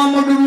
I'm Mamadu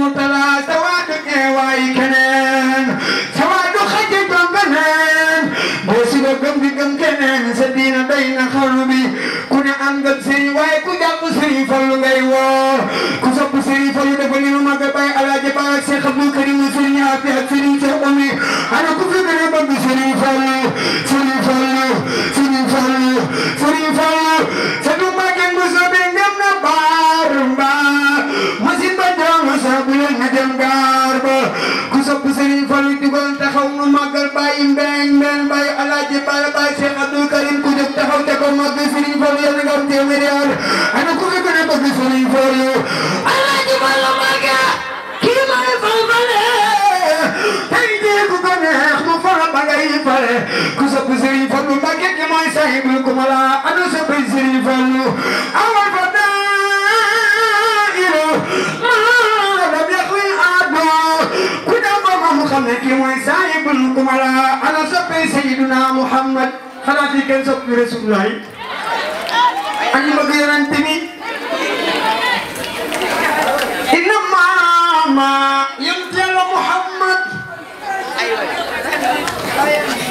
rasulullahi ak bi inna maama yonent yàlla Muhammad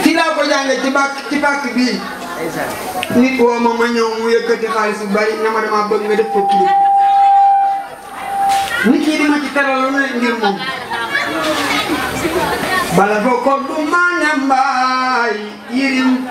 ci laa ko jànge ci bàkk bii nit woo ma ma mu yëkkati xaalis bari ne ma dama nga def ko clip nit ñi di ma ci teral lu ne bala fo ko du ma ne mbaay yirim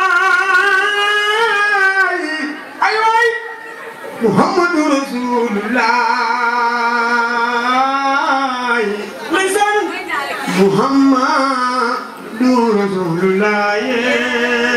محمد رسول الله محمد رسول الله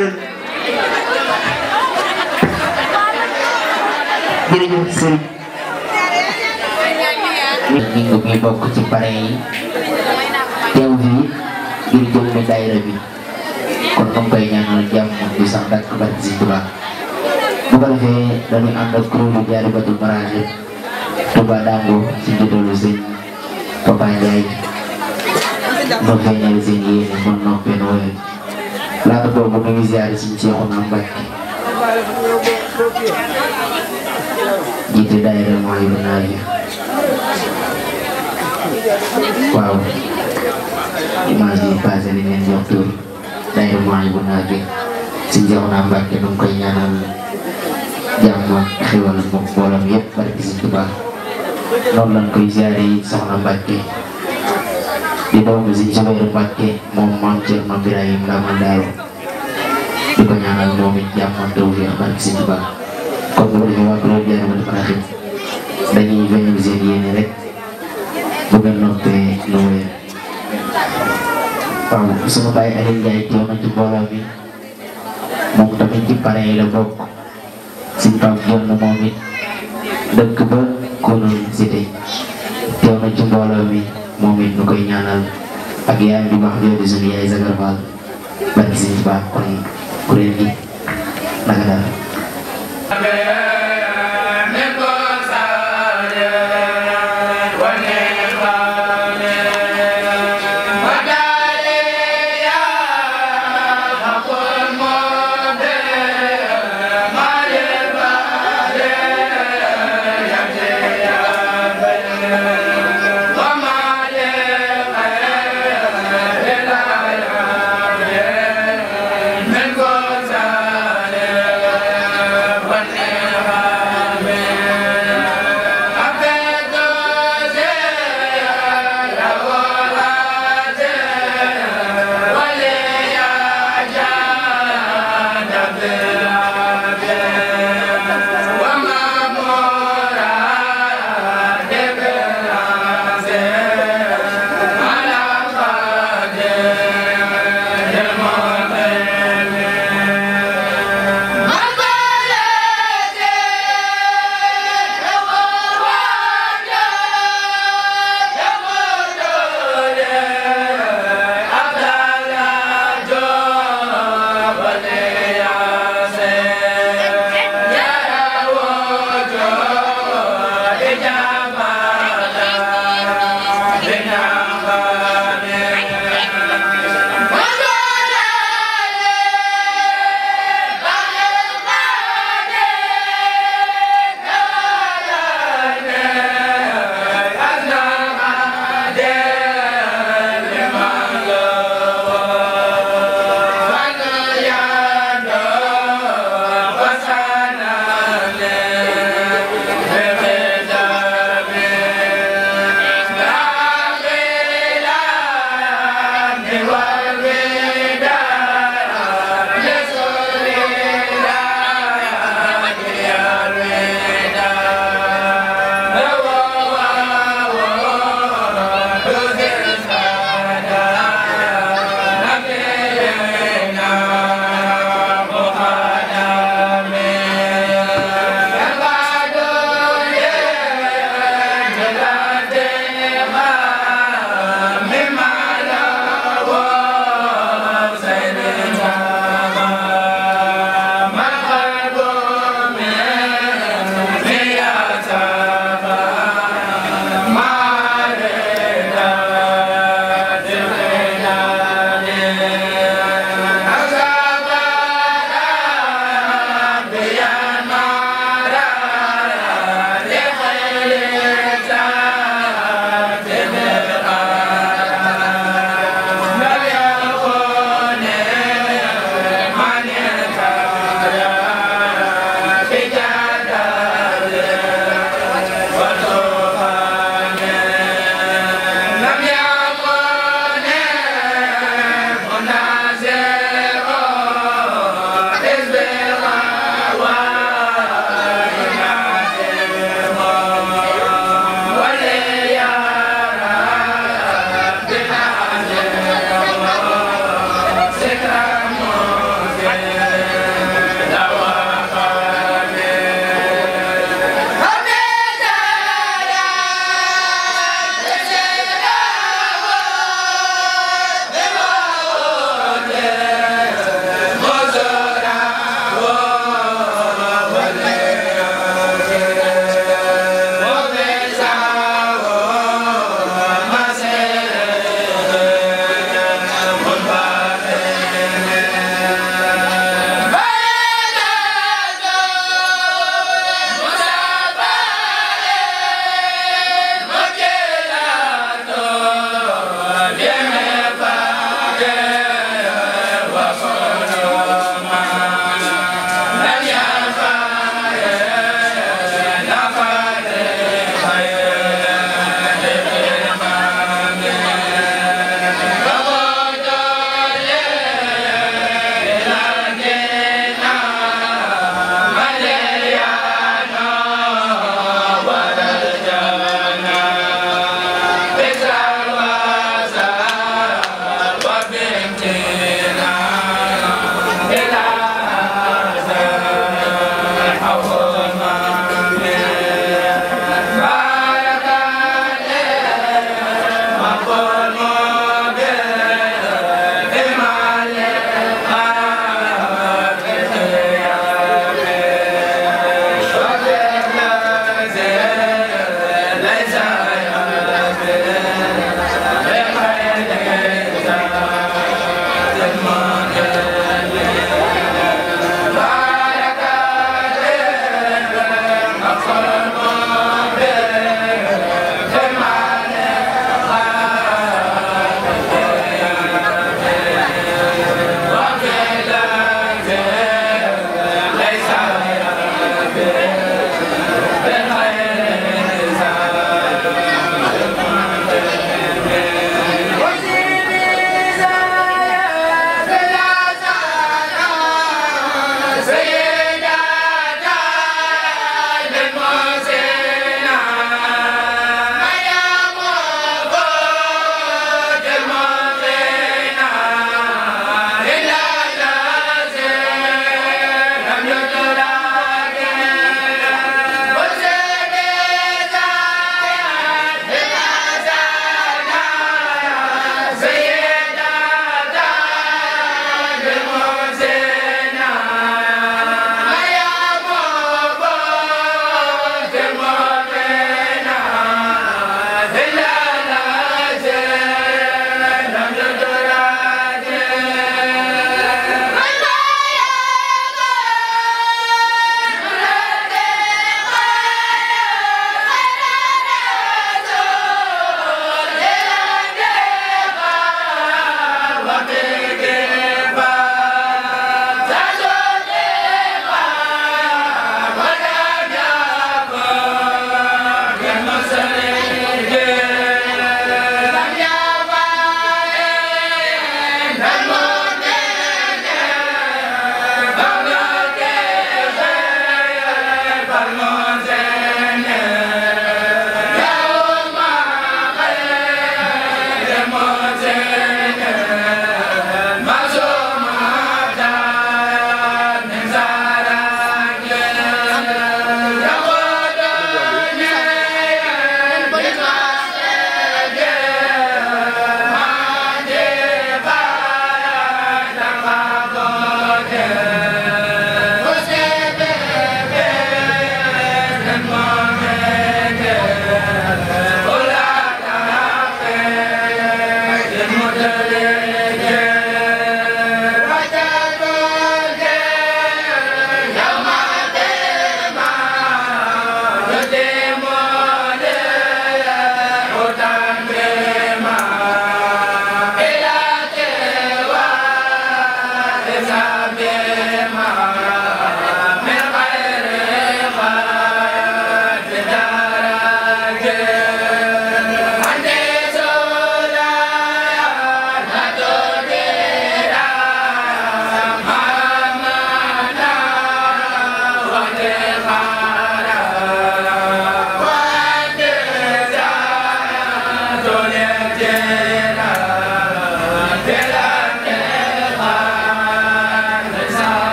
kafir jadi muslim minggu bi bokk ci parrain yi teew fii ngir jëmme daayira bi kon dam di sax dakk bat si tuba bu ko defee dañuy ànd ak kuréel bu jaari batul laata boobu ñu ngi ziare suñu Seexuna Mbàkke jiite daayira mooy bu naa yi waaw image yi passé nañ leen jox tur daayira mooy bu naa bi suñu Seexuna Mbàkke ñu ngi koy ñaanal jàmm ak xéwal ak mboolam yëpp barke si Tuubaa loolu lañ koy ziare soxna Mbàkke Dito ang musisyo ay rupatke Momang cek mabirayim kamandaro Di panyangan momit jam mandovi Abang sinibang Kondor jawa kulo dia naman parahin ibu yang yung zin yenerek Bukan note noe Pang sumabay alin gaya ito na tubolami Mong taminti para ilabok Simpang yun na momit Dan kebal kunun sidi Tiyo na tubolami moom it ñu koy ñaanal ak yaayam bu baax yooyu suñu yaay Zagar Fall ba ci baax kon kuréel gi naka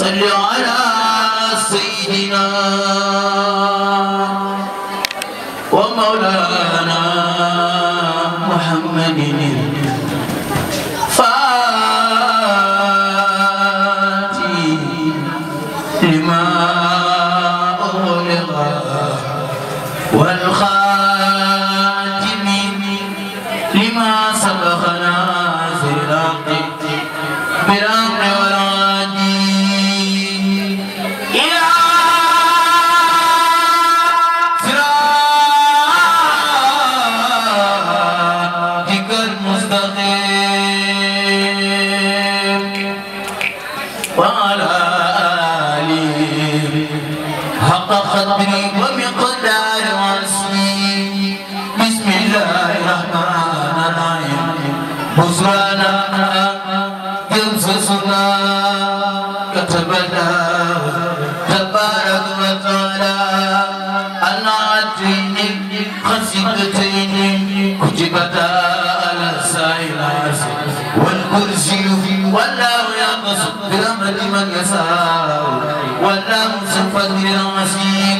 سنجوان سیدنا والله يقصد برحمة من يسار والله ذو الفضل العظيم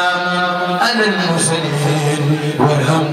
i'm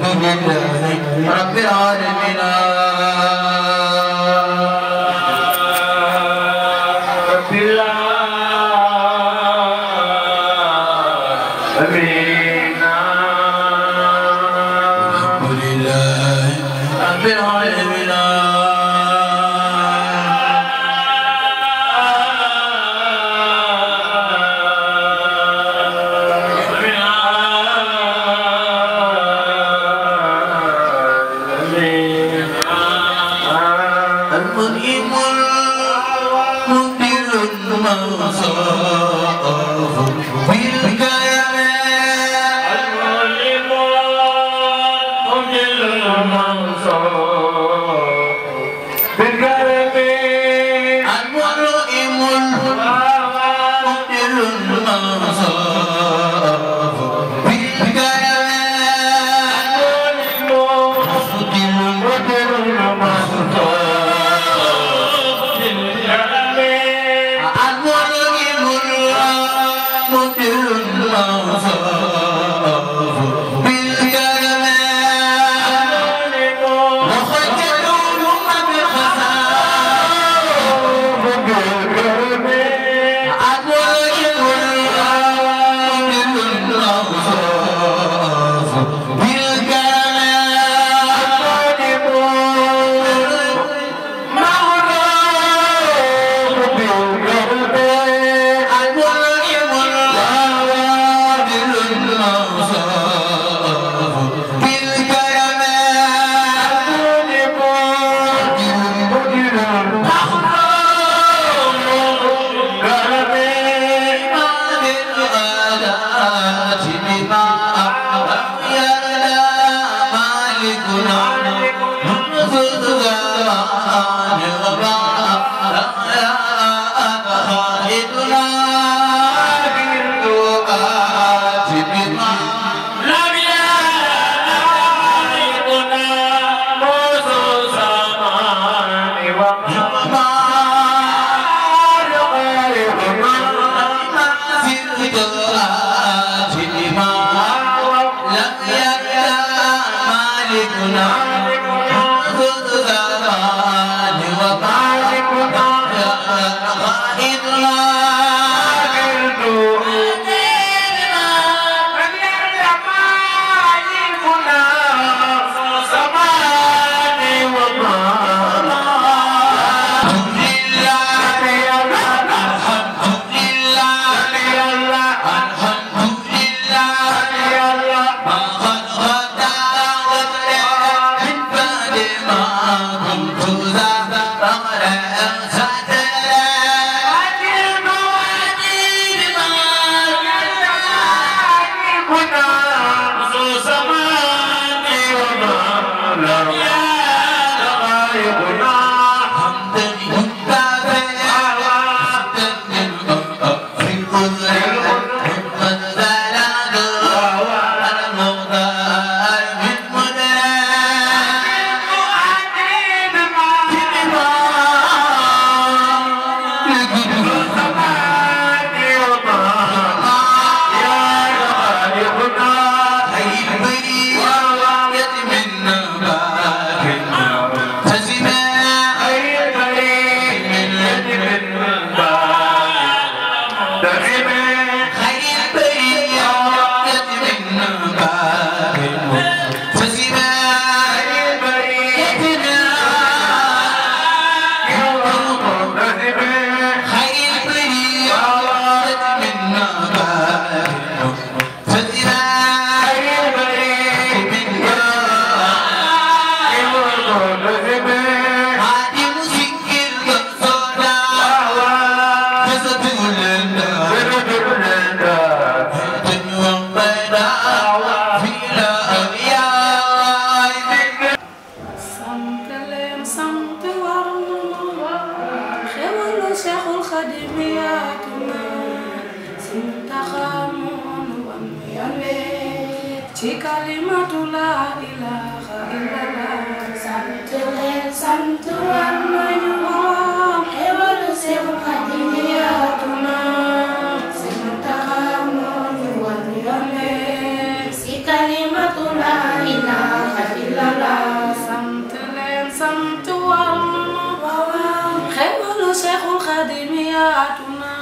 Seexul Xaadim yaatuna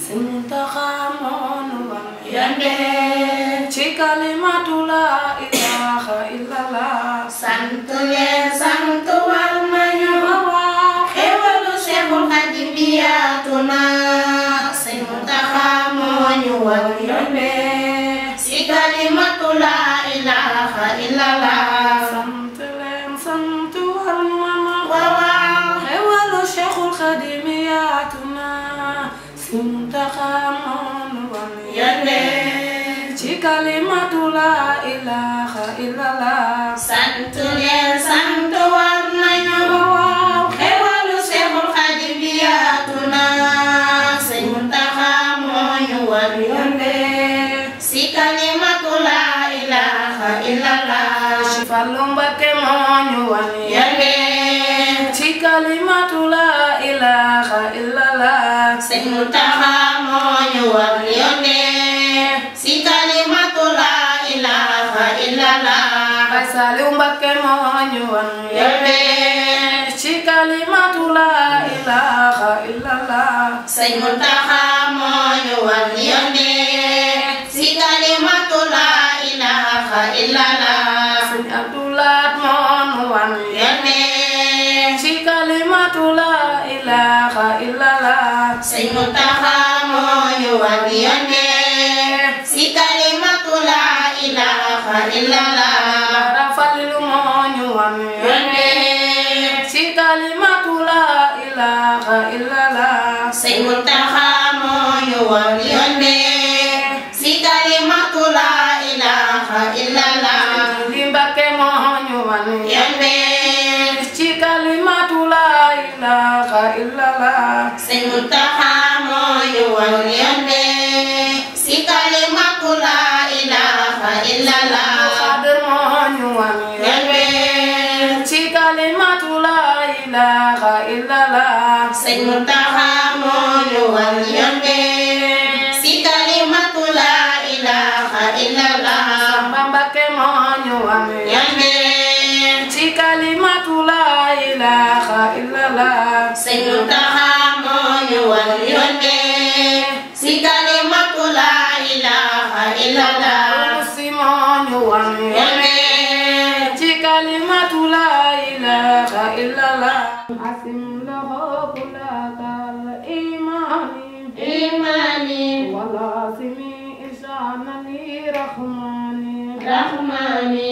si muntaxa moonu ba nu yande ci kalimatu la sëñ Muntaxa moo ñu war yónnee si kalimatu laa ilaaha illallah. sëñ Abdulaat moo ñu war yónnee si kalimatu laa ilaaha illallah. sëñ Muntaxa moo ñu war yónnee si kalimatu laa ilaaha illallah. sëñ Muntaxa moo ñu war si kalimatu la ilaha illallah sëñ Bambake moo ñu war رحماني والعاصم إشعمني رحماني رحماني